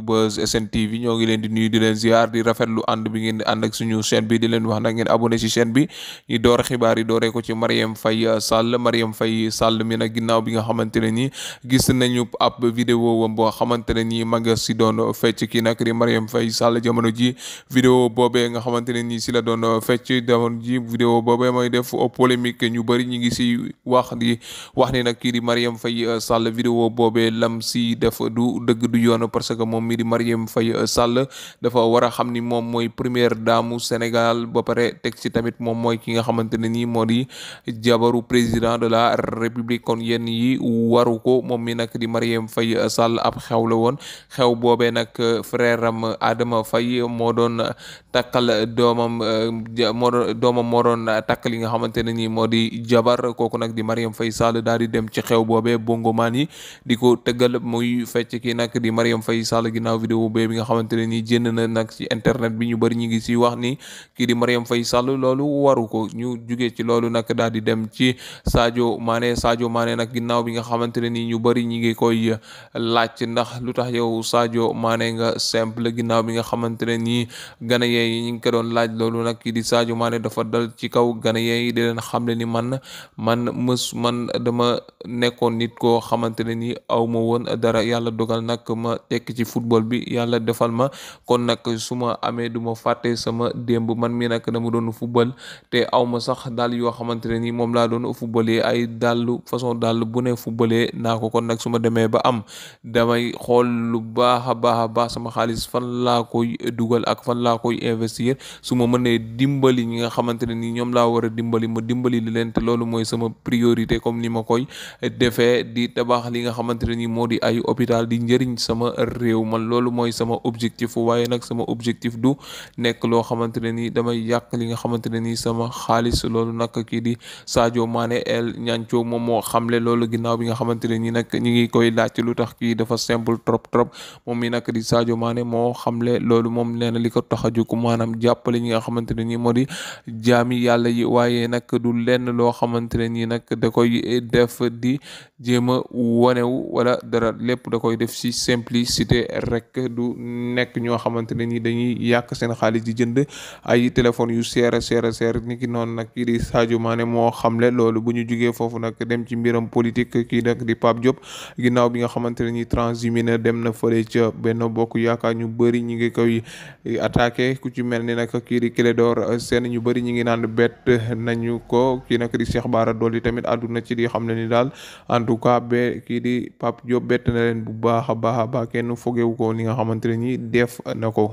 Actubuzz SNTV ñoo ngi leen di nuyu di leen ziar di rafetlu ànd bi ngeen di ànd ak suñu chaîne bi di leen wax nag ngeen abonné ci chaîne bi door xibaar yi dooree ko ci Marième Faye Sall Marième ne nii ma si doon fecc kii nag di Marième Faye Sall jamono ji vidéo boobee nga xamante ne nii si la doon fecc jamono ji vidéo boobee mooy def polémique ñu bëri ñu ngi si wax di wax ni nag kii di Marième Faye Sall lam si def du dëgg du yoon parce que moom mi di Marième Faye euh, Sall dafa war a xam ni moom mooy première daamu Sénégal ba pare teg ci tamit moom mooy ki nga xamante ne nii moo di jabaru président de la république kon yenn yi waru ko moom mi nag di Marième Faye euh, Sall ab xew la woon xew boobee nag euh, frère am Adama Faye moo doon takkal doomam moo doon doomam moo doon takk li xamante ne nii moo di jabar kooku nag di Marième fay Sall daal dem ci xew boobee bongomaan yi di ko tëggal muy fecc ki nag di Marième Faye Sall ginnaaw vidéo bee bi nga xamante ne nii jénn na nag ci internet bi ñu bëri ñu ngi si wax ni kii di Mariam Faye Sall loolu waru ko ñu jugee ci loolu nag daal di dem ci Sadio Mané Sadio Mané nag ginnaaw bi nga xamante ne nii ñu bëri ñu ngi koy laaj ndax lu tax yow Sadio Mané nga simple ginnaaw bi nga xamante ne nii Ghanéen yi ñu ngi ko doon laaj loolu nag kii di Sadio Mané dafa dal ci kaw Ghanéen yi di leen xamle ni man man mës man dama nekkoon nit koo xamante ne nii aw ma woon dara yàlla dogal nag ma tekk ci fu football bi yàlla defal ma kon nag su ma amee du ma fàtte sama démb man mi nag dama doon football te aw ma sax daal yoo xamante ne ni moom laa doon footballee ay dàllu façon dàll bu ne footballee naa ko kon nag su ma demee ba am damay xool lu baax baax a baax sama xaalis fan laa koy dugal ak fan laa koy investir su ma mënee dimbali ñi nga xamante ne ni ñoom laa war dimbali ma dimbali li leen te loolu mooy sama priorité comme ni ma koy defee di tabax li nga xamante ne moo di ay hôpital di njëriñ sama réew man loolu mooy sama objectif waaye nag sama objectif du nekk loo xamante ne nii damay yàq li nga xamante ne nii sama xaalis loolu nag kii di Sadio Mané El Niancho moom moo xamle loolu ginnaaw bi nga xamante ne nii nag ñu ngi koy laaj lu tax kii dafa simple trop trop moom mi nag di Sadio Mané moo xamle loolu moom nee na li ko tax a jóg maanaam jàppale ñi nga xamante ne nii moo di jaami yàlla yi waaye nag du lenn loo xamante ne nii nag da koy def di jéem a wonewu wala dara lépp da koy def ci simplicité rek du nekk ñoo xamante ne ni dañuy yàq seen xaalis di jënd ay téléphones yu seer a seer a seer ni ki noonu nag kii di Sadio Mané moo xamle loolu bu ñu jugee foofu nag dem ci mbiram politique kii nag di Pape Diop ginnaaw bi nga xamante ne ni transhumé na dem na fële ca benn bokk ñu bëri ñu ngi koy attaqué ku ci mel ni nag kii di Clédor Sène ñu bëri ñu ngi naan bett nañu ko kii nag di Cheikh Bara Dolly tamit àdduna ci di xam ne ni daal en tout cas ba na leen bu baax a baax a baax ko li nga xamante ne nii def na ko.